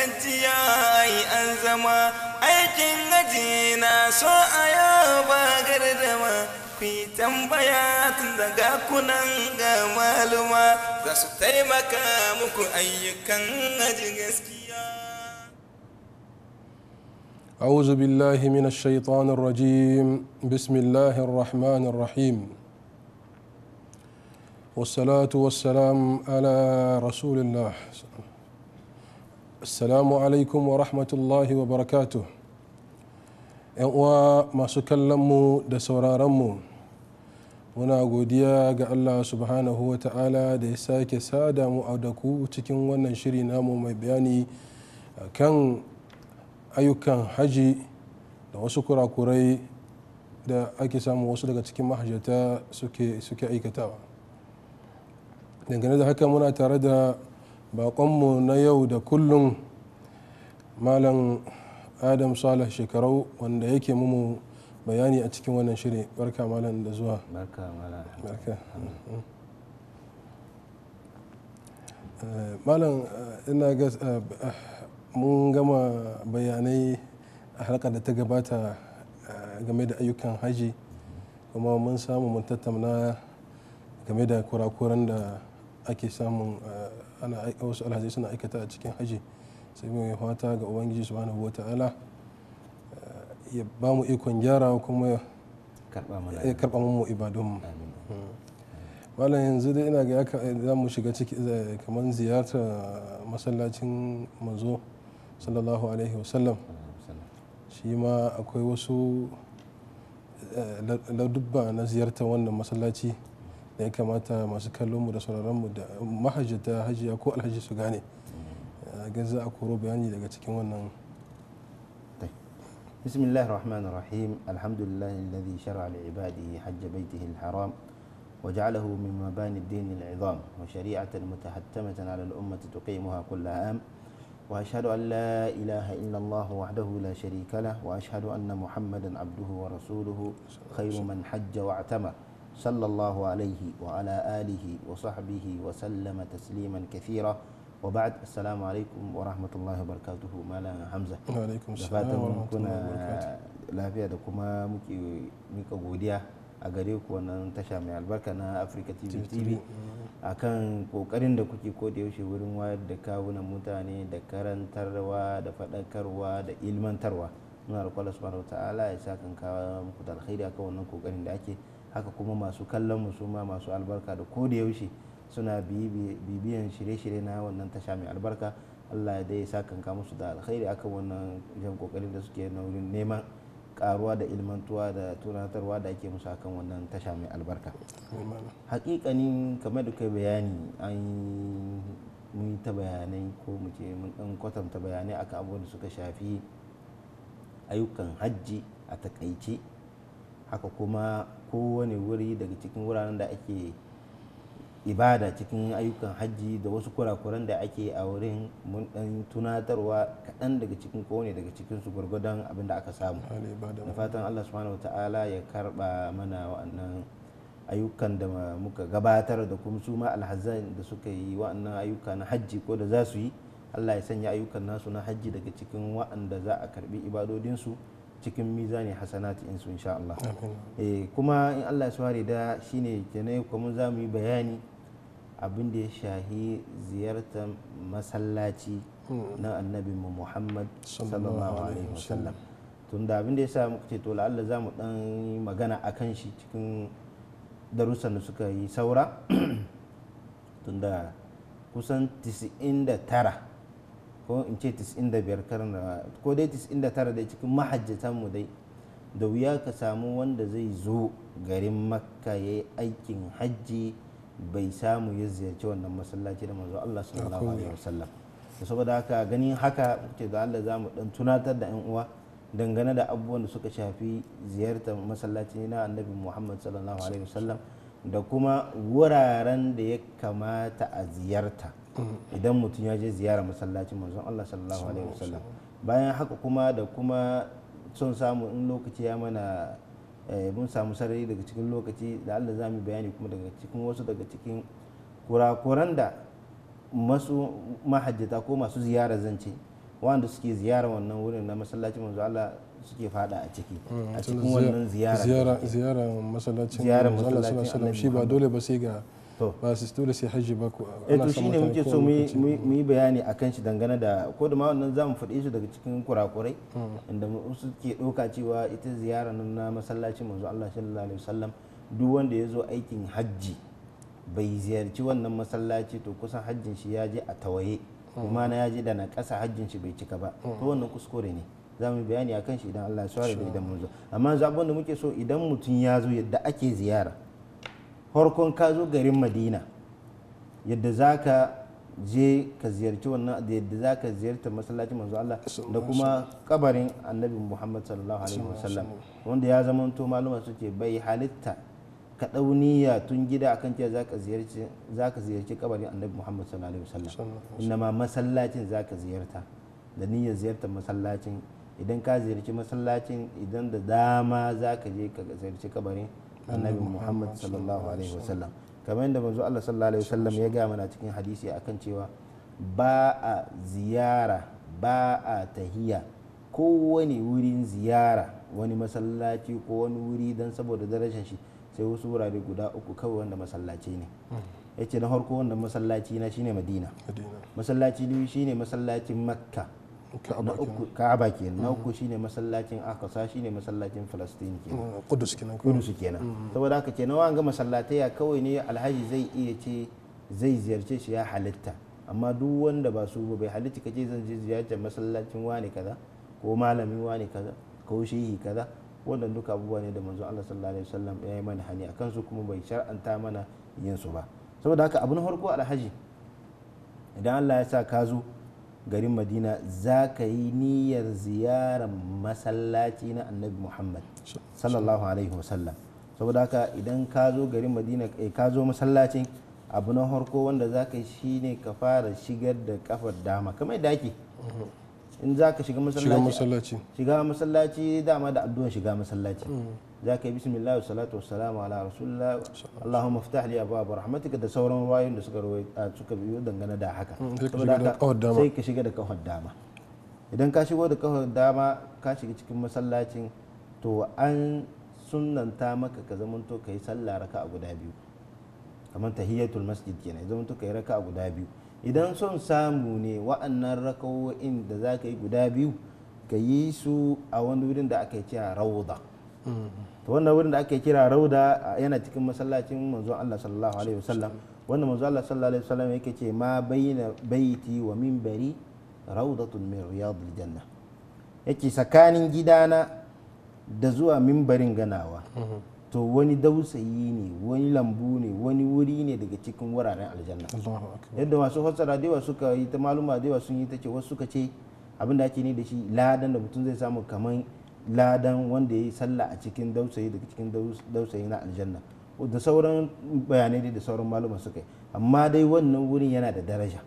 hajiya ai an zama aikin haji na so a yaba gardama ku yi tambaya tun daga kunan ga maluma za su taimaka muku ayyukan haji gaskiya أعوذ بالله من الشيطان الرجيم بسم الله الرحمن الرحيم والصلاة والسلام على رسول الله assalamu alaikum wa rahmatullahi wa barakatu yan uwa masu kallonmu da sauraronmu muna godiya ga allah subhanahu wa ta'ala da ya sake sada mu a da ku cikin wannan shiri namu mai bayani kan ayyukan haji da wasu kurakurai da ake samu wasu daga cikin mahajjata suke aikatawa dangane da haka muna tare da bakonmu na yau da kullum malam adam salih shekarau wanda yake mumu bayani a cikin wannan shiri barka malam da zuwa malam eh, eh, ina ga eh, mun gama bayanai a harkar da ta gabata game da ayyukan haji kuma mun samu mun tattauna game da kurakuran da ake samun ana wasu alhazai suna aikata a cikin haji sai mai fata ga ubangiji subhanahu wata'ala eh, ya ba mu ikon gyara kuma ya karɓa mu ibadunmu hmm. malam yanzu dai ina ga ya za mu shiga ciki eh, kamar ziyarta masallacin manzo sallallahu alaihi wasallam shi ma akwai wasu eh, ladubba na ziyarta wannan masallaci ya kamata masu kallon mu da sauraron mu da mahajjata hajiya ko alhaji su gane eh, ga za a koro bayani daga cikin wannan بسم الله الرحمن الرحيم الحمد لله الذي شرع لعباده حج بيته الحرام وجعله من مباني الدين العظام وشريعة متحتمة على الأمة تقيمها كل عام وأشهد أن لا إله إلا الله وحده لا شريك له وأشهد أن محمدا عبده ورسوله خير من حج واعتمر صلى الله عليه وعلى آله وصحبه وسلم تسليما كثيرا وبعد السلام عليكم ورحمة الله وبركاته مالا حمزة وعليكم السلام ورحمة الله lafiya da kuma muka godiya a gare tasha mai albarka na Africa TV TV mm. akan kokarin da kuke ko yaushe wurin wayar da kawunan mutane da karantarwa da faɗakarwa da ilmantarwa muna da kwallo subhanahu ta'ala ya sa kan kawo muku da kokarin da ake haka kuma masu kallon mu ma masu albarka da ko da yaushe suna bibiyan shirye-shirye na wannan tasha mai albarka allah ya dai sa musu da alkhairi akan wannan jan kokarin da suke na neman karuwa da ilmantuwa da tunatarwa da ake musu akan wannan tasha mai albarka hakikanin kamar da kai bayani an yi ta bayanai ko mu ce mun dan kwatanta bayanai akan abubuwan da suka shafi ayyukan hajji a takaice haka kuma kowane wuri daga cikin wuraren da ake ibada cikin ayyukan hajji da wasu kurakuran da ake a wurin mun dan tunatarwa kaɗan daga cikin kowane daga cikin su gwargwadon abin da aka samu da fatan allah subhanahu ta'ala ya karba mana wa'annan ayyukan da muka gabatar da kuma su ma alhazan da suka yi wa'annan ayyuka na hajji ko da za su yi allah ya sanya ayyukan nasu na hajji daga cikin wa'anda za a karbi ibadodinsu cikin mizani hasanati in sun insha Allah eh, kuma in Allah ya sware da shine kenan kuma za mu yi bayani abin da ya shahi ziyartar masallaci hmm. na annabi Muhammad sallallahu alaihi wasallam tunda abin da ya sa muka ce to la'alla za mu dan magana akan shi cikin darussan da suka yi saura tunda kusan 99 ko in ce 95 karin ko dai tara dai cikin mahajjatan mu dai da wuya ka samu wanda zai zo garin makka ya yi aikin hajji bai samu ya ziyarci wannan masallaci da manzo Allah sallallahu alaihi wasallam to saboda haka ganin haka ce da Allah zamu dan tunatar da yan uwa dangane da abubuwan da suka shafi ziyartar masallaci na annabi Muhammad sallallahu alaihi wasallam da kuma wuraren da ya kamata a ziyarta idan mutum ya je ziyara masallacin manzon Allah sallallahu alaihi wasallam bayan haka kuma da kuma son samu in lokaci ya mana eh, mun samu sarari daga cikin lokaci da Allah za mu bayani kuma daga cikin wasu daga cikin kurakuran da masu mahajjata ko masu ziyara zance wanda suke ziyara wannan wurin na masallacin manzo Allah suke fada a ciki a hmm, cikin wannan ziyara ziyara masallacin manzo Allah sallallahu alaihi wasallam shi ba dole ba sai ga ba su dole sai hajji ba ko eh ana to shine muke so mu yi bayani akan shi dangane da ko da ma wannan zamu faɗi shi daga cikin kurakurai hmm. inda su ke ɗauka cewa ita ziyara nan na masallacin manzo Allah sallallahu alaihi wasallam duk wanda ya zo aikin hajji bai ziyarci wannan masallaci to kusan hajjin shi ya je a tawaye hmm. kuma na ya je da na ƙasa hajjin shi bai cika ba hmm. to wannan kuskure ne za mu bayani akan shi idan Allah ya da idan mun zo amma zabon da muke so idan mutum ya zo yadda ake ziyara farkon ka zo garin madina yadda za ka je ka ziyarci wannan yadda za ka ziyarta masallacin manzo Allah da kuma kabarin annabi Muhammad sallallahu alaihi wasallam wanda ya zama to maluma suke bai halitta ka dauniya tun gida akan cewa za ka ziyarci za ka ziyarci kabarin annabi Muhammad sallallahu alaihi wasallam inma masallacin za ka ziyarta da niyyar ziyartar masallacin idan ka ziyarci masallacin idan da dama za ka je ka ziyarci kabarin annabi muhammad sallallahu alaihi wasallam kamar yadda manzo Allah sallallahu alaihi wasallam ya gaya mana cikin hadisi akan cewa ba a ziyara ba a tahiya wani wurin ziyara wani masallaci ko wani wuri don saboda darajar shi sai wasu wurare guda uku kawai wanda masallaci ne hmm. ya ce na farko wanda masallaci na shine madina masallaci biyu shine masallacin makka ka'aba ke na mm. uku shine masallacin akasa shine masallacin falastin ke kudus kenan kudus mm, kenan mm. saboda haka ke wa ga masallatai kawai ne alhaji zai iya ce zai ziyarce shi ya halitta amma duk wanda ba su bai halitta kace zan je ziyartar masallacin wani kaza ko malami wani kaza ko shehi kaza wannan duka abubuwa ne da manzon Allah sallallahu alaihi wasallam ya yi mana hani akan su kuma bai shar'anta mana yin su ba saboda haka abu na farko alhaji idan Allah ya sa ka zo garin madina za ka yi niyyar ziyarar masallaci na annabi muhammad sallallahu alaihi wasallam saboda haka idan ka zo garin madina eh, ka zo masallacin abu na harko wanda za ka yi shine ka fara shigar da kafar dama kamar yadda ake mhm. in za ka shiga masallaci shiga masallaci dama da addu'an shiga masallaci mhm. za ka yi bismillah wa salatu wa salamu ala rasulullah allahumma iftah li abwaab da sauran wayoyin da suka suka biyo dangane da haka mm, sai ka shiga da kafar dama idan ka shigo da kafar dama ka shiga cikin masallacin to an sunnanta maka ka zamanto ka yi sallah raka a guda biyu kamar tahiyatul masjid kenan zamanto ka yi raka a guda biyu idan son samu ne wa'annan rakawo'in da za ka yi guda biyu ka yi su a wani wurin da aka yi cewa To wannan wurin da ake kira rauda yana cikin masallacin manzon Allah sallallahu alaihi wasallam wannan manzon Allah sallallahu alaihi wasallam yake ce ma bayyana baiti wa minbari raudatun min riyadil janna yake tsakanin gidana da zuwa minbarin ganawa to wani dausayi ne wani lambu ne wani wuri ne daga cikin wuraren aljanna yadda masu fassara da suka yi ta maluma da sun yi ta ce wasu suka ce abin da ake ne da shi ladan da mutum zai samu kamar ladan wanda ya yi sallah a cikin dausayi daga cikin dausayi na aljanna da sauran bayanai da sauran maluma suka yi amma dai wannan wurin yana da daraja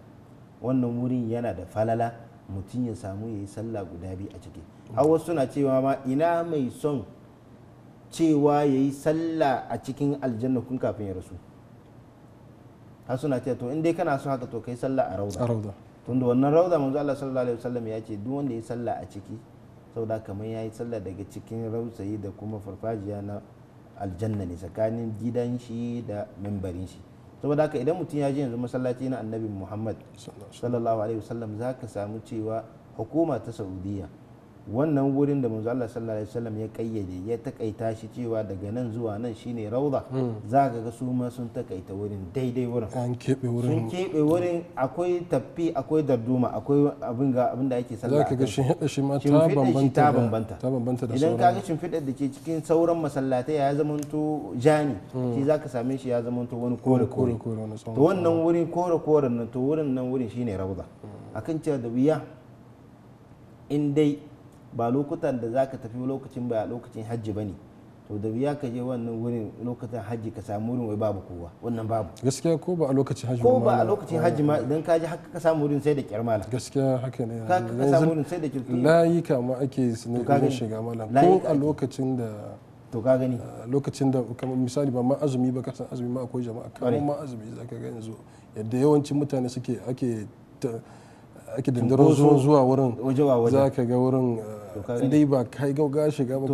wannan wurin yana da falala mutum ya samu ya yi sallah guda biyu a ciki hawa suna cewa ma ina mai son cewa ya yi sallah a cikin aljanna kun kafin ya rasu har suna cewa to in dai kana so haka to kai sallah a rauda tunda wannan rauda manzo Allah sallallahu alaihi wasallam ya ce duk wanda ya yi sallah a ciki saboda kamar ya yi sallah daga cikin rausayi da kuma farfajiya na aljanna ne tsakanin gidan shi da mimbarin shi saboda haka idan mutum ya je yanzu masallaci na annabi muhammad sallallahu alaihi wasallam za ka samu cewa hukuma ta saudiya wannan wurin da manzo Allah sallallahu alaihi wasallam ya kayyade ya takaita shi cewa daga nan zuwa nan shine rauda hmm. za ka ga su ma sun takaita wurin daidai wurin an kebe wurin sun kebe wurin akwai tafi akwai darduma akwai abin ga abin da ake sallah zaka ga shin hada shi ma ta bambanta ta bambanta ta bambanta da idan ga shin fidda da cikin sauran masallatai ya zama to jani hmm. shi zaka same shi ya zama to wani kore kore to wannan wurin kore kore nan to wurin nan wurin shine rauda hmm. akan cewa da wuya in dai ba lokutan da za ka tafi lokacin ba lokacin hajji ba ne to da biya ka je wannan wurin lokacin hajji ka samu wurin wai babu kowa wannan babu gaskiya ko ba a lokacin hajji ko ba a lokacin hajji ma idan ka je haka ka samu wurin sai da kyar malam gaskiya haka ne ka ka samu wurin sai da kyar layi kama ake ne shiga malam ko a lokacin da to ka gani eh, lokacin da kamar misali ba ma azumi ba kasan azumi ma akwai jama'a kamar ma azumi zaka ga yanzu yadda yawancin mutane suke ake ake dindaro zuwa zuwa wurin za ka ga wurin eh, dai ba kai ga shiga ba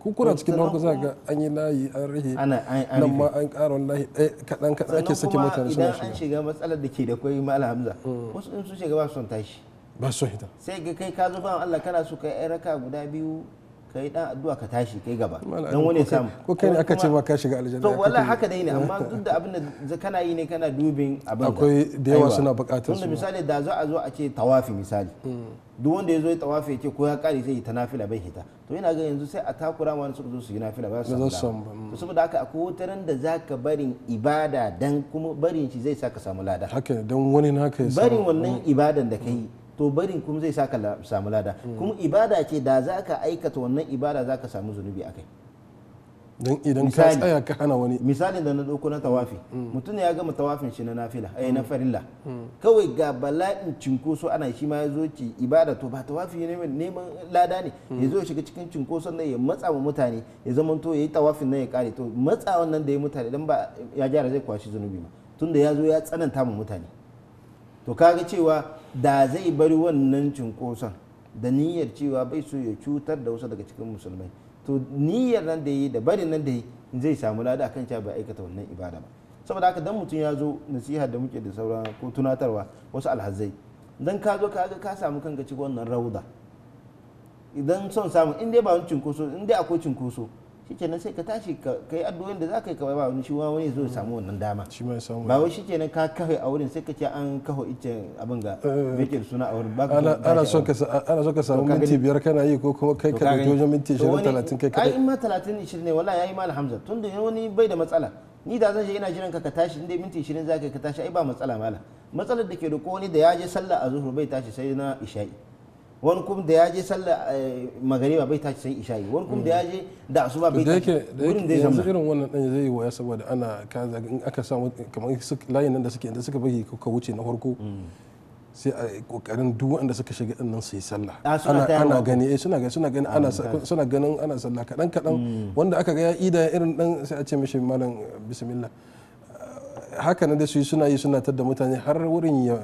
ko kura cikin farko za ga an yi layi an rihe nan ma an ƙara wani layi eh, kaɗan kaɗan ake saki mutane suna shiga idan an shiga matsalar da ke da kwai mala hamza mm. wasu in sun shiga ba son tashi ba son hita sai ga kai ka zo ba Allah kana so kai raka guda biyu kai dan addu'a ka tashi kai gaba don wani samu ko kai ne aka ce ma ka shiga aljanna to wallahi haka dai ne amma duk da abin da kana yi ne kana dubin abin akwai da yawa suna bukatar su misali da za a zo a ce tawafi misali hmm. duk wanda ya zo ya tawafi yake ko ya kare zai yi ta nafila bai hita to yana ga yanzu sai a takura ma su zo su yi nafila ba su samu hmm. to saboda haka akwai wata da zaka barin ibada dan kuma barin shi zai saka samu lada haka dan wani naka ya barin wannan hmm. ibadan da kai to barin kuma zai saka samu lada hmm. kuma ibada ce da za ka aikata wannan ibada za ka samu zunubi kai don idan ka tsaya ka hana wani misali da na ɗauko na tawafi hmm. mutum ya gama tawafin shi na nafila ai eh, hmm. na farilla kawai ga bala'in cinkoso ana shi ma ya zo ci ibada to ba tawafi ne neman lada ne ya zo shiga cikin cinkoso nan ya matsa wa mutane ya zama to ya yi tawafin nan ya kare to matsa nan da ya mutane dan ba ya gyara zai kwashi zunubi ma tunda ya zo ya tsananta ma mutane to kaga cewa da zai bari wannan cunkoson da niyyar cewa bai so ya cutar da wasu daga cikin musulmai to niyyar nan da yi da barin nan da yi zai samu lada kan cewa bai aikata wannan ibada ba saboda haka dan mutum ya zo nasiha da muke da sauran ko tunatarwa wasu alhazai dan ka zo ka ka samu kanka cikin wannan rauda idan son samu in dai ba wani cunkoso in dai akwai cunkoso. shike nan sai ka tashi ka kai addu'o'in da zaka yi ka ba wani shi wa wani zo samu wannan dama shi samu ba wai shike nan ka kafe a wurin sai ka ce an kafa ice abin ga yake eh, eh, eh. suna a wurin ba ka ana so ka ana so ka samu minti biyar kana yi ko kuma kai ka dauki wajen minti 20 30 kai kai ai in ma 30 20 ne wallahi yayi mal hamza tunda wani bai da matsala ni da zan je ina jiran ka ka tashi inda minti 20 zaka ka tashi ai ba matsala mala matsalar da ke da ko wani da ya je sallah a zuhur bai tashi sai na isha'i wani kuma da ya je sallar eh, magariba bai tashi sai isha'i wani kuma da ya je da asuba bai tashi wurin da ya irin wannan dan zai waya saboda ana kaza in aka samu kamar layin nan da suke inda suka bari ka wuce na farko mm. sai a kokarin duk wanda suka shiga din nan su yi sallah ah, ana gani eh suna gani suna gani ana ah, suna ganin ana sallah kadan kadan mm. wanda aka ga ya ida irin dan sai a ce mishi malam bismillah haka nan da su yi suna yi suna tadda mutane har wurin ya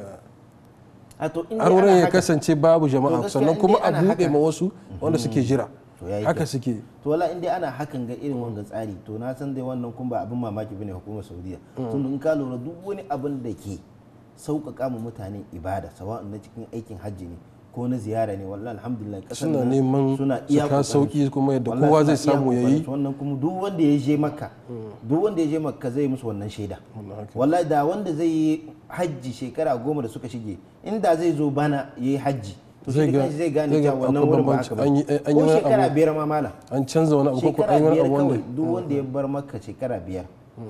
har wurin ya kasance babu jama'a sannan kuma a buɗe ma wasu wanda suke jira mm, haka suke to wala in dai ana hakan ga irin wanga tsari to na san dai wannan kun ba abin mamaki bane hukumar saudiya mm. tun in ka lura duk wani abin da ke sauƙaƙa mu mutane ibada sawa'un na cikin aikin hajji ne ko na ziyara ne wallahi alhamdulillah kasar suna neman suna iya sauki kuma yadda kowa zai samu yayi wannan kuma duk wanda ya je makka mm. duk wanda ya je makka zai musu wannan shaida wallahi da wanda zai yi hajji shekara goma da suka shige inda zai zo bana yayi hajji zai gane cewa wannan wurin ba haka ba ko shekara biyar ma mala an canza wani abu ko an yi wani abu wanda duk mm. wanda ya bar makka shekara biyar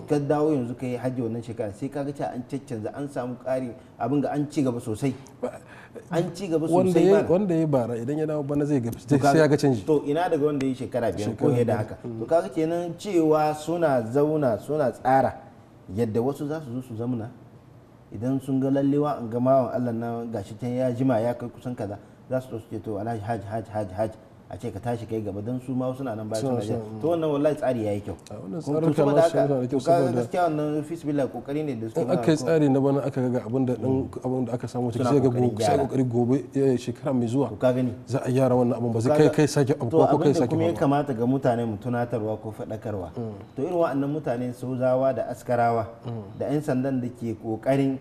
ka dawo yanzu ka yi hajji wannan shekara sai kaga cewa an caccanza an samu ƙari abin ga an ci gaba sosai an ci gaba sosai ba wanda ya bara idan ya dawo bana zai ga sai ya ga canji to ina daga wanda ya shekara biyar ko ya da haka to kaga kenan cewa suna zauna suna tsara yadda wasu za su zo su zamana idan sun ga lallewa an ga mawan Allah na gashi can ya jima ya kai kusan kaza za su zo su ce to alhaji haji haji haji a ce ka tashi kai gaba don su ma suna nan bayan suna to wannan wallahi tsari ya yi kyau kuma to da haka to gaskiya wannan fisbilla kokari ne da su in aka yi tsari na bana aka ga abin da dan mm. abin da aka samu cikin zai ga kokari gobe eh, shekara mai zuwa gani za a gyara wannan abin ba zai kai kai sake abu ko kai sake kuma ya kamata ga mutane mu tunatarwa ko fadakarwa mm. to irin wa'annan mutane sojawa da askarawa mm. da 'yan sandan da ke kokarin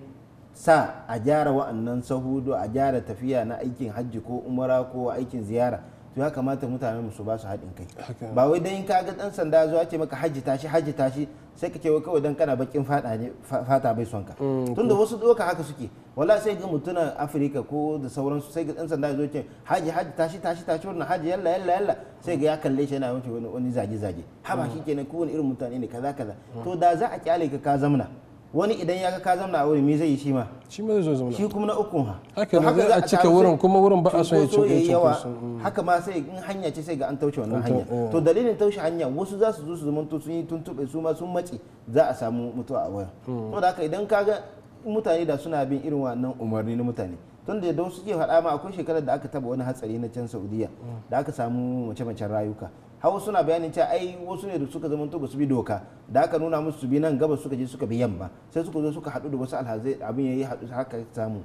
sa a gyara wa'annan sahudu a gyara tafiya na aikin hajji ko umara ko aikin ziyara to ya kamata mutane musu su ba su haɗin kai ba wai dan ka ga dan sanda zuwa ce maka hajji tashi hajji tashi sai ka ce wai kawai dan kana bakin fata ne fata bai son ka mm, tunda wasu doka haka suke wala sai ga mutuna afirka ko da sauransu sai ga dan sanda zuwa ce hajji hajji tashi tashi tashi wannan hajji yalla yalla yalla sai ga ya kalle shi yana wuce wani zage zage haba mm. kenan kowane irin mutane ne kaza kaza to da za a kyale ka ka zamna wani idan ya ga ka zamna a wuri me zai yi shi ma shi ma zai zauna shi kuma na ukun ha haka ne za a cika wurin kuma wurin ba a so ya ci yawa mm. haka ma sai in hanya ce sai ga an tauce wannan hanya oh. to dalilin taushe hanya wasu za su zo su zama sun yi tuntube su ma sun mace za a samu mutuwa a wurin to mm. da haka idan ka ga mutane da suna bin irin wannan umarni na mutane tun da don suke faɗa ma akwai shekarar da aka taba wani hatsari na can saudiya da aka samu mace-macen rayuka hawa suna bayanin cewa ai wasu ne da suka zama to su bi doka da aka nuna musu su bi nan gaba suka je suka bi yamma sai suka zo suka haɗu da wasu alhazai abin ya yi da haka samu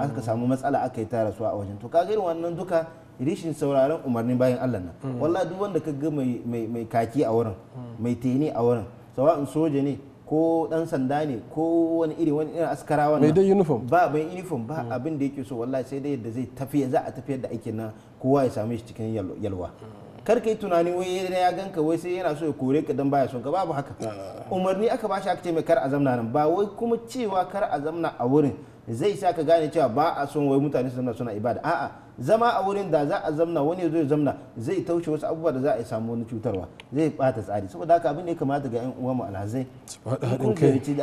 aka samu matsala aka yi tara su a wajen to kaga irin wannan duka rishin sauraron umarnin bayan Allah nan wallahi duk wanda ka ga mai kaki a wurin mai teni a wurin sawa'in soja ne ko dan sanda ne ko wani iri wani irin askarawa ne dai uniform ba mai uniform ba hmm. abin da yake so wallahi sai dai yadda zai tafiya za a tafiyar da aikin nan kowa ya same shi cikin yalwa hmm. kar ka yi tunani wai ya ganka wai sai yana so ya kore ka dan baya son ka babu haka hmm. umarni aka bashi aka ce mai kar a zamna nan ba wai kuma cewa kar a zamna a wurin zai sa ka gane cewa ba a son wai mutane su zamna suna ibada a'a zama a wurin da za a zamna wani zai zamna zai taushe wasu abubuwa da za a samu wani cutarwa zai bata tsari saboda haka abin da ya kamata ga yan uwa mu alhazai kun ziyarci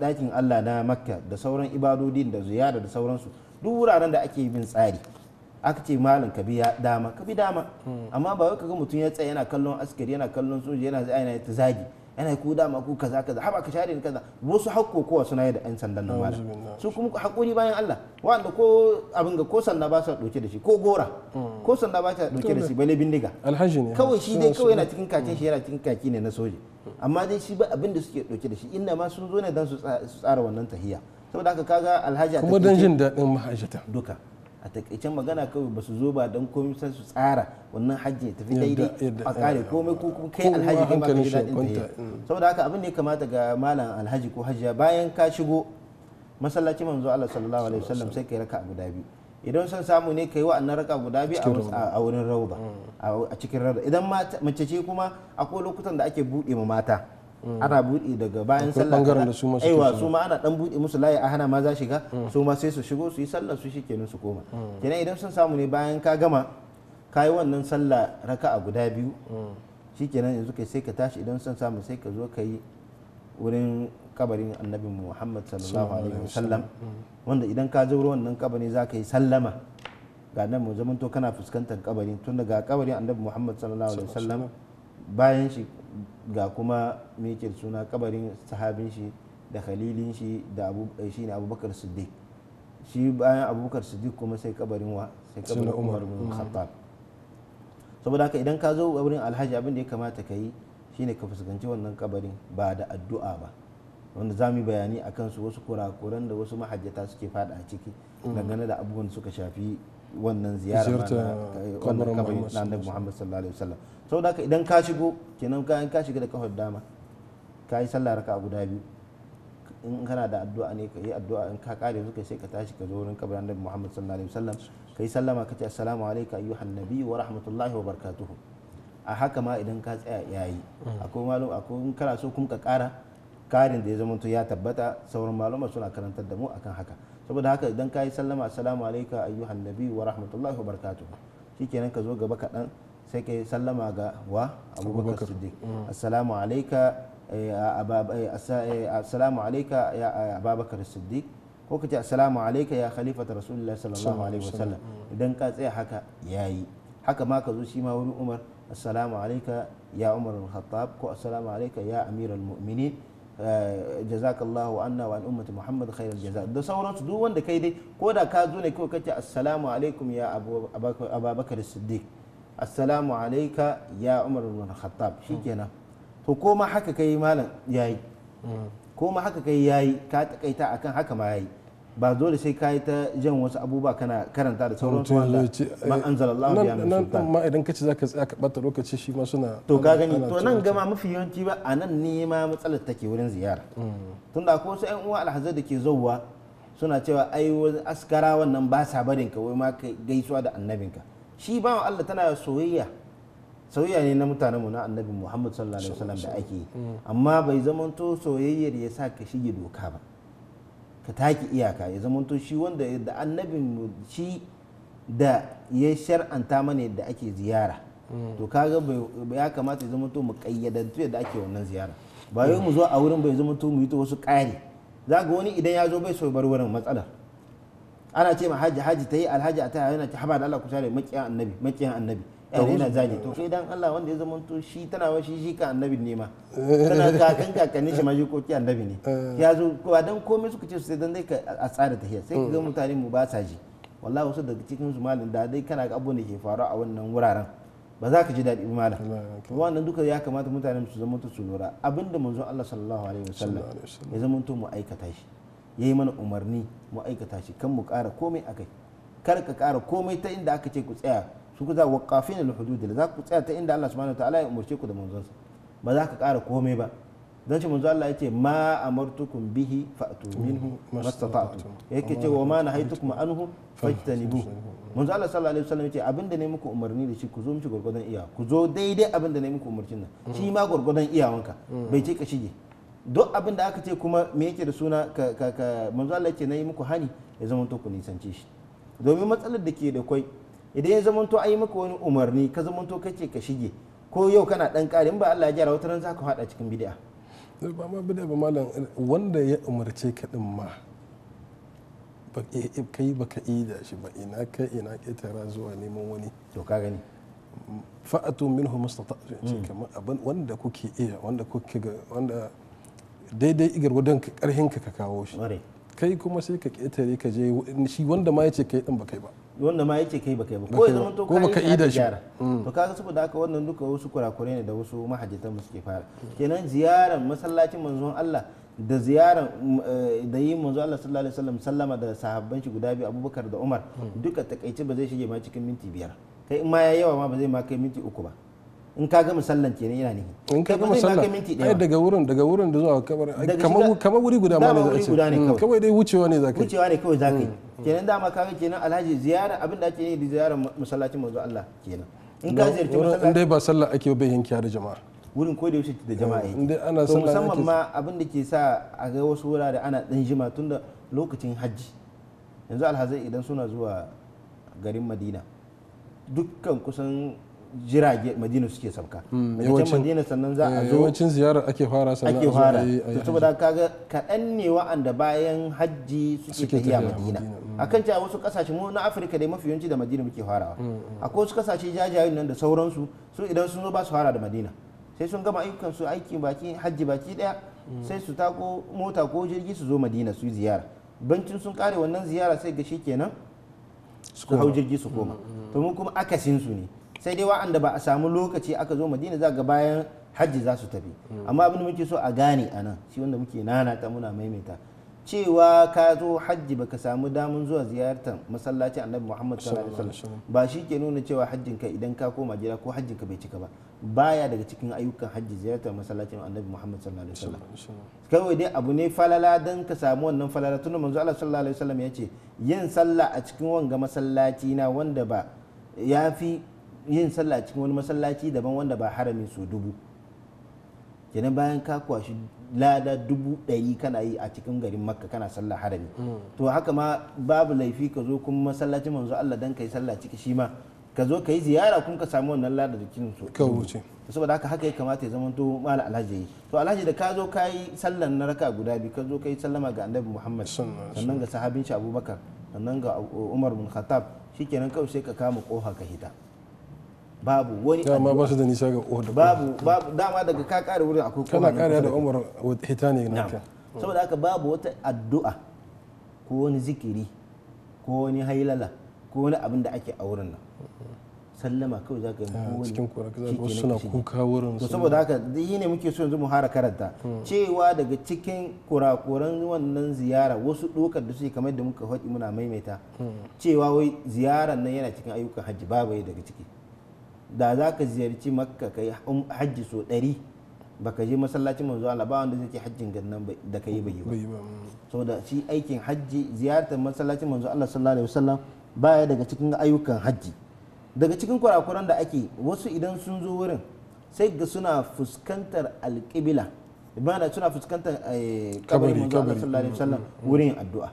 dakin eh, Allah na Makka da sauran ibadodin da ziyara da sauransu duk wuraren da ake bin tsari aka ce malam ka bi dama ka bi dama hmm. amma ba wai kaga mutum ya tsaya yana kallon askari yana kallon soja yana zai yana ta zagi yana ku dama ku kaza kaza haba ka share kaza wasu hakko kowa suna yi da yan sanda nan malam su kuma hakuri bayan Allah wanda ko abin ga ko sanda ba sa dauke da shi ko gora mm. ko sanda ba ta dauke da shi bale bindiga alhaji ne kawai shi dai kawai yana cikin kakin shi yana cikin kaki ne na soji amma dai shi ba abin da suke dauke da shi inda ma sun zo ne dan su tsara wannan tahiya saboda haka kaga alhaji kuma dan jin daɗin mahajjata duka a takaicen magana kawai ba su zo ba don komi sai su tsara wannan hajji ya tafi daidai a kare eh, komai ko kuma kai alhaji kai ma ka ji daɗin tafiya mm. saboda haka abin da ya kamata ga malam alhaji ko hajiya bayan ka shigo masallaci manzo Allah sallallahu alaihi wasallam sai kai raka guda biyu idan son samu ne kai wa'annan raka guda biyu a wurin rauba mm. a cikin rauba idan mace ce kuma akwai lokutan da ake buɗe ma mata Mm. ana buɗe daga bayan sallah da su aiwa su ma ana dan buɗe musu layi a hana ma za shiga mm. su ma sai su shigo su yi sallar su shi kenan su koma mm. kenan idan sun samu ne bayan ka gama ka yi wannan sallah raka'a guda biyu kenan yanzu kai sai ka tashi idan sun samu sai ka zo ka yi wurin kabarin annabi muhammad sallallahu alaihi wasallam wanda idan ka zauro wannan kabari za ka yi sallama ga nan mu zamanto kana fuskantar kabari tun daga kabarin annabi muhammad sallallahu alaihi wasallam bayan shi ga kuma meke suna kabarin sahabin shi da khalilin shi da eh, shi ne abubakar siddiq shi bayan abubakar siddiq kuma sai kabarin wa sai kabarin umar bin mm. khattab saboda haka idan ka zo wurin alhaji abin da ya kamata ka yi shine ka fuskanci wannan kabarin ba da addu'a ba wanda za mu bayani akan su wasu kurakuran da wasu mahajjata suke fada a ciki mm. dangane da abubuwan suka shafi wannan ziyara eh, wannan na annabi muhammad sallallahu alaihi wasallam da haka idan ka shigo kenan ka ka shiga da kafar dama ka yi sallah raka guda biyu in kana da addu'a ne ka yi addu'a in ka kare zuka sai ka tashi ka zo wurin kabarin annabi muhammad sallallahu alaihi wasallam ka yi sallama ka ce assalamu alaikum ayyuhan nabi wa rahmatullahi wa barakatuhu a haka ma idan ka tsaya yayi hmm. akwai malum akwai in kana so kuma ka kara karin da ya zama ya tabbata sauran maluma suna karantar da mu akan haka saboda haka idan ka yi sallama assalamu alaika ayyuhan nabi wa rahmatullahi wa barakatuh shikenan ka zo gaba kaɗan sai ka yi sallama ga wa abubakar siddiq mm. assalamu alaika eh, eh, eh, assalamu alaika ya ababakar siddiq ko ka ce assalamu alaika ya khalifata rasulullah sallallahu alaihi wasallam idan ka tsaya haka yayi haka ma ka zo shi ma wani umar assalamu alaika ya umar al-khattab ko assalamu alaika ya amir al-mu'minin Eh, jazakallahu anna wa an ummati muhammad khairal jaza da sauransu duk wanda kai dai ko da ka zo ne kawai kace assalamu alaikum ya ababakar siddiq assalamu alaika ya umar ibn khattab hmm. shikenan to ko ma haka kai malam yayi hmm. ko ma haka kai yayi ka takaita akan haka ma yayi ba dole sai ka yi ta jan wasu abubuwa kana karanta da sauran su wanda ma eh, anzalallahu biya min sultan ma idan kace zaka tsaya ka bata lokaci shi ma suna to ka gani to nan gama mafi yawanci ba a nan ne ma matsalar take wurin ziyara mm. tunda ko su ƴan uwa alhazar da ke zauwa suna cewa ai askara wannan ba sa barin ka wai ma ka gaisuwa da annabinka shi ba Allah tana soyayya soyayya ne na mutanenmu na annabi Muhammad sallallahu alaihi wasallam da ake mm. amma bai zamanto soyayyar ya sa ka shige doka ba ka taki iyaka ya zamanto shi wanda da annabin shi da ya shar'anta mana yadda ake ziyara mm. to kaga ya kamata ya zamanto mu kayyadantu yadda ake wannan ziyara ba yau mu zo a wurin bai zamanto mu yi ta wasu ƙari za ga wani idan ya zo bai so bar wurin matsalar ana ce ma haji haji ta yi alhaji a ta yana ta haba da Allah kusa da maƙiyan annabi maƙiyan annabi yana zage to sai dan Allah wanda ya zama to shi tana wa shi shi ka annabi ne ma eh. tana kakan kakannin shi ma shi koki annabi ne eh. ya zo ko dan komai suka ce sai dan dai ka a tsara tahiyya sai ka ga eh. mutane mu ba sa ji wallahi wasu daga cikin su malin da dai kana ga abubuwan da ke faruwa a wannan wuraren ba za ka ji daɗi malam wannan duka ya kamata mutanen su zama su lura abinda manzon Allah sallallahu alaihi wasallam ya zama to mu aikata shi yayi mana umarni mu aikata shi kan mu ƙara komai akai kar ka ƙara komai ta inda aka ce ku tsaya su ku za ku kafi na hudud za ku tsaya ta inda Allah subhanahu ta'ala ya umarce ku da manzonsa ba za ka ƙara komai ba dan shi manzo Allah yace ma amartukum bihi fa'tu minhu mastata'tum yake ce wa ma nahaytukum anhu fajtanibu manzo Allah sallallahu alaihi wasallam yace abinda ne muku umarni da shi ku zo miki gurgudan iya ku zo daidai abinda ne muku umarcin nan mm. shi ma gurgudan iyawanka mm. bai ce ka shige duk abin da aka ce kuma me yake da suna ka ka manzo Allah yake nayi muku hani ya zama to ku nisanci shi domin matsalar da ke da kwai idan ya zamanto a yi maka wani umarni ka zamanto ka ce ka shige ko yau kana dan karin in ba Allah ya jara wata ran za ka hada cikin bid'a ba ma bid'a ba malam wanda ya umarce ka din ma kai baka da shi ba ina kai ina ƙetara zuwa neman wani to ka gani fa'atu minhu mustata'in mm. kamar abin wanda kuke iya wanda kuke ga wanda daidai igar wadan karhin ka ka kawo shi kai kuma sai ka ketare ka je shi wanda ma yace kai din ba kai ba wanda ma yake kai baka yi ba ko ya zama to yi da gyara mm. to kaga saboda haka wannan duka wasu kurakure ne da wasu mahajjatan mu suke fara kenan ziyaran masallacin manzon Allah da ziyaran eh, da yi manzo Allah sallallahu alaihi wasallam sallama da sahabban shi guda biyu Abubakar da Umar duka takaice ba zai shige ma cikin minti biyar kai in ma ya yawa ma ba zai ma kai minti uku ba in ka ga musallan kenan yana nihi in ka ga musallan ai daga wurin daga wurin da zuwa kamar kamar wuri guda ma ne za mm. ka kawai dai wucewa ne za ka wucewa ne kawai za ka yi mm. kenan dama kaga kenan alhaji ziyara abin da ake yi da ziyara masallacin manzo Allah kenan in ka ziyarci masallaci in dai ba sallah ake bai yankiya da jama'a wurin ko da yaushe da jama'a yake inda ana sallah musamman ma abin da ke sa a ga wasu wurare ana dan jima tunda lokacin hajji yanzu alhazai idan suna zuwa garin Madina dukkan kusan jirage madina suke sauka hmm, daga madina sannan za a eh, zo yawancin ziyarar ake fara sannan ake fara to saboda kaga kaɗan ne wa'anda bayan hajji suke tafiya madina akan hmm. cewa wasu kasashe mu na afirka dai mafi yawanci da madina muke farawa hmm, akwai wasu kasashe jajayen nan da sauransu su idan sun zo ba su fara da madina sai sun gama ayyukan su aiki baki hajji baki daya sai su tako mota ko jirgi su zo madina su ziyara bancin sun kare wannan ziyara sai ga shi kenan su hau jirgi su koma to mu kuma akasin su ne sai dai wa'anda ba a samu lokaci aka zo madina za ga bayan hajji za su tafi hmm. amma abin da muke so a gane a nan shi wanda muke ta muna maimaita cewa ka zo hajji baka samu damun zuwa ziyartar masallacin annabi muhammad sallallahu alaihi wasallam ba shi ke nuna cewa hajjin ka idan ka koma gida ko hajjin ka bai cika ba baya daga cikin ayyukan hajji ziyartar masallacin annabi muhammad sallallahu alaihi wasallam kawai dai abu ne falala dan ka samu wannan falala tun manzo Allah sallallahu alaihi wasallam ce yin sallah a cikin wanga masallaci na wanda ba ya fi yin sallah cikin wani masallaci daban wanda ba harami su dubu kenan bayan ka kwashi lada dubu ɗari kana yi a cikin garin makka kana sallah harami mm. to haka ma babu laifi ka zo kuma masallacin manzo Allah dan kai sallah ciki shi ma ka zo ka ziyara kun ka samu wannan lada da cikin su ka wuce saboda haka haka ya kamata ya zamanto mala alhaji yi to alhaji da ka zo ka sallan na raka guda biyu ka zo ka sallama ga annabi Muhammad sannan ga sahabin shi Abubakar sannan ga Umar bin Khattab shikenan kawai sai ka kama kofa ka hita babu wani dama ba su da nisa ga oda babu babu dama daga ka kare wurin akwai kuma kana kare da umar hita ne na ka saboda haka babu wata addu'a ko wani zikiri ko wani hailala ko wani abin da ake a wurin nan sallama kawai za ka yi ah, kowane cikin kura suna kuka wurin su saboda haka yi ne muke so yanzu mu fara karanta hmm. cewa daga cikin kurakuran wannan ziyara wasu dokar da suke kamar da muka faɗi muna maimaita hmm. cewa wai ziyarar nan yana cikin ayyukan hajji babu daga ciki da za ka ziyarci makka ka yi um, hajji so ɗari ba ka je masallacin manzo Allah ba wanda zai ce hajjin gannan da ka yi bai ba mm. da shi aikin hajji ziyartar masallacin manzo Allah sallallahu alaihi wasallam baya daga cikin ayyukan hajji daga cikin kurakuran da ake wasu idan sun zo wurin sai ga suna fuskantar alƙibila ibana suna fuskantar eh, kabarin manzo sallallahu alaihi wasallam mm, mm, wurin addu'a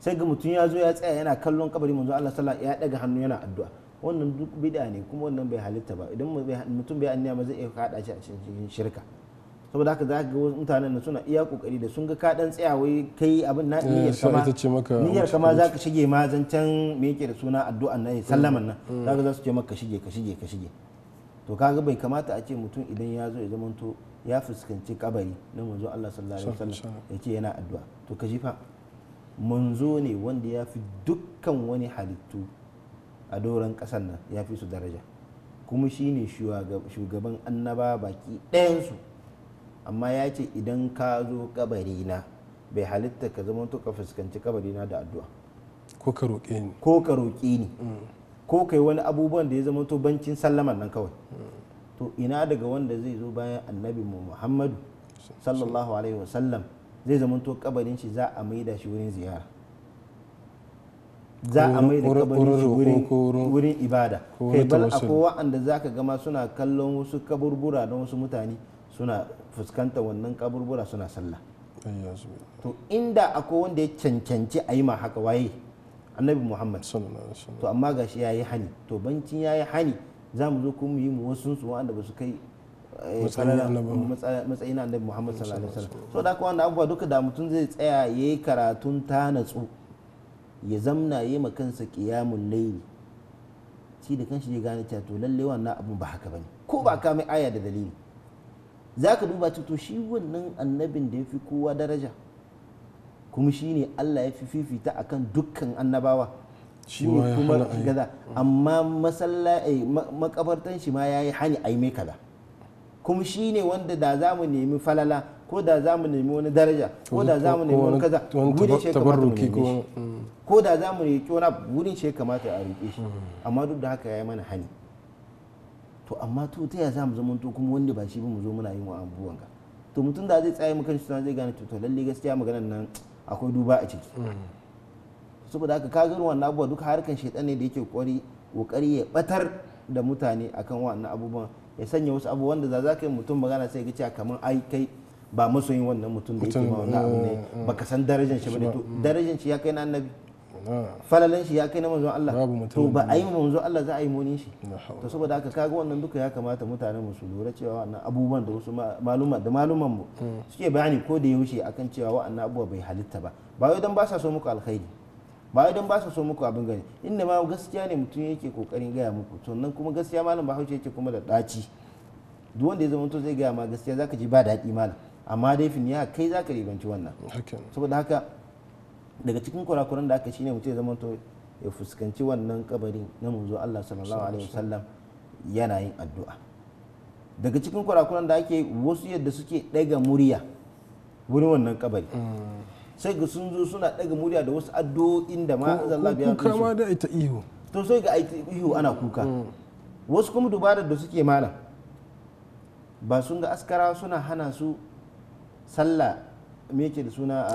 sai ga mutum ya zo ya tsaya yana kallon kabarin manzo Allah sallallahu alaihi wasallam ya daga hannu yana addu'a wannan duk bid'a ne kuma wannan bai halitta ba idan mutum bai anniya ba zai iya kada shi a cikin shirka saboda haka za ka ga mutanen da suna iya kokari da sun ga ka dan tsaya wai kai abin na eh, niyyar kama niyyar kama za ka shige ma zancen me yake da suna addu'an nan sallaman nan mm, mm. za ka za su ce maka shige ka shige ka shige to kaga bai kamata a ce mutum idan ya zo ya zamanto ya fuskanci kabari na manzo Allah sallallahu alaihi wasallam ya ce yana addu'a to ka ji fa manzo ne wanda ya fi dukkan wani halittu a doron ƙasar nan ya fi su daraja kuma shi ne shugaban annaba baki ɗayansu amma ya ce idan ka zo ƙabarina bai halitta ka zama ka fuskanci da addu'a ko ka roƙe ni ko ka roƙe ni mm. ko kai wani abubuwan da ya zama to bancin sallaman nan kawai mm. to ina daga wanda zai zo bayan annabi mu muhammadu sallallahu alaihi wasallam zai zama to kabarin shi za a maida shi wurin ziyara za a mai da kabarin wurin ibada kai bal akwai wa'anda za ka gama suna kallon wasu kaburbura don wasu mutane suna fuskanta wannan kaburbura suna sallah to inda akwai wanda ya cancanci a yi ma haka waye annabi muhammad to amma gashi ya yi hani to bancin ya yi hani za mu zo kuma yi mu wasu su wa'anda ba su kai eh, matsayin annabi muhammad sallallahu alaihi wasallam so da haka wanda abubuwa duka da mutum zai tsaya ya yi karatun ta natsu ya zamna yi ma kansa kiyamun layi shi da kanshi zai gane cewa to lalle wannan abun ba haka bane ko ba ka mai aya da dalili zaka duba ce to shi wannan annabin da yafi kowa daraja kuma shi ne Allah ya fi fifita akan dukkan annabawa shi ne kuma gaza amma eh, makabartan shi ma ya yi hani ai mai kaza kuma shi ne wanda da za mu nemi falala ko da za mu nemi wani daraja ko da za mu nemi wani kaza wurin shi ya kamata mu nemi shi mm. ko da za mu nemi kyona wurin shi ya kamata a rike shi amma duk da haka ya yi mana hani to amma to ta ya za mu zama to kuma wanda ba shi ba mu zo muna yin wa abubuwan ka to mutum da zai tsaye mukan shi zai gane to lalle gaskiya maganar nan akwai duba a ciki mm. saboda haka ka gani wannan abubuwa duka harkan shaitan ne da yake kokari kokari ya batar da mutane akan wannan abubuwan ya sanya wasu abubuwan da za ka yi mutum magana sai ga cewa kamar ai kai ba yin wannan mutum da yake ma wannan abu ne mm, mm. ka san darajar shi ba to mm. darajar shi ya kai na annabi falalan shi ya kai na manzon Allah to ba a yi manzon Allah za a yi munin shi to saboda haka kaga wannan duka ya kamata mutanen mu su lura cewa wannan abubuwan da wasu maluma da maluman mu suke bayani ko da yaushe akan cewa wa'annan abubuwa bai halitta ba ba wai dan ba sa so muku alkhairi ba don ba sa so muku abin gani inda ma gaskiya ne mutum yake kokarin gaya muku nan kuma gaskiya malam bahaushe yake kuma da ɗaci duk wanda ya zama to zai gaya ma gaskiya zaka ji ba daɗi malam amma dai finiya kai za ka ribanci wannan saboda haka daga cikin kurakuran da aka shine mutum ya zama to ya fuskanci wannan kabari na munzo Allah sallallahu alaihi wasallam yana yin addu'a daga cikin kurakuran da ake wasu yadda suke daga murya wurin wannan kabari mm. sai ga sun zo suna daga murya da wasu addu'o'in da ma Allah biya kuka ma da ita ihu to sai ga ita ihu ana kuka mm. wasu kuma dubarar da suke malam ba sun ga askara suna hana su sallah me yake da suna eh,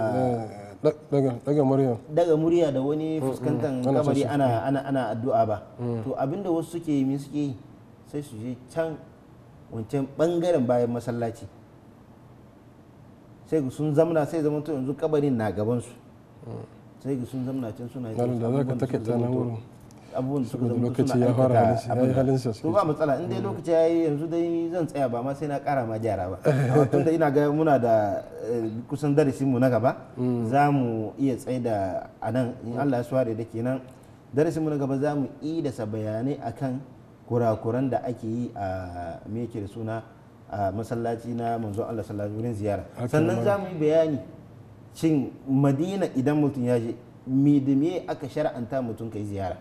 ah, a daga murya daga murya da wani fuskantar kamari ana ana ana addu'a ba mm. to abinda wasu suke yi suke sai su je can wancan bangaren bayan masallaci sai ga sun zamna sai zama to yanzu kabarin na gaban su mm. sai sun zamna can suna yi da za ka take ta na wurin abubuwan da suka zama suna aikata abin to ba matsala in dai mm. lokaci ya yi yanzu dai zan tsaya ba ma sai na kara ma gyara ba tun da ina ga muna da eh, kusan mu na gaba mm. za mu iya tsaye da a nan in allah ya sware da kenan darasinmu na gaba za mu yi da sa bayanai akan kurakuran da ake yi a mekir suna a masallaci na manzon allah sallallahu wurin ziyara sannan za mu yi bayani cin madina idan mutum ya je me da me aka shara'anta mutum kai ziyara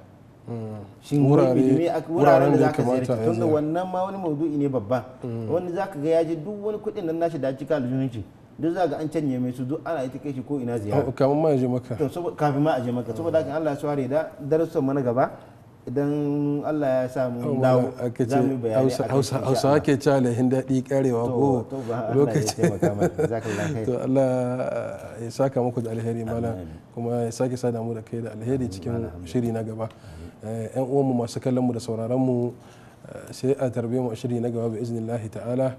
shin wurare wuraren da ya kamata ya tunda wannan ma wani maudu'i ne babba mm. wani zaka ga yaji duk wani kuɗin nan nashi da cika aljihunci duk za ga an canye mai su duk ana ita kai shi ko ina ziyara kafin ma a je maka to kafin ma a je maka saboda haka Allah ya shaware da darussan mana gaba idan Allah ya sa mu dawo za mu bayani Hausa Hausa ake cewa lehin daɗi karewa ko lokaci to Allah ya saka muku da alheri malam kuma ya sake sada mu da kai da alheri cikin shiri na gaba ان اومو ما سكلمو دسورارمو سي اتربيو مؤشرين نجوا باذن الله تعالى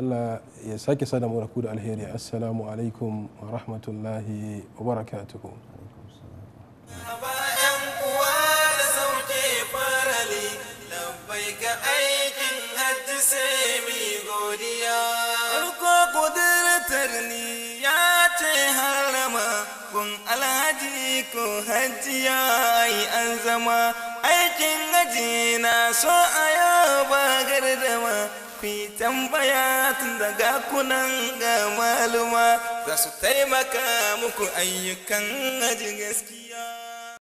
الله يساكي صدام وركود الهير السلام عليكم ورحمة الله وبركاته لبيك أي كن ko hajiya ai an zama aikin gaji na so a yau ba gardama ku yi tambaya tun daga kunan ga maluma za su taimaka muku ayyukan gaji gaskiya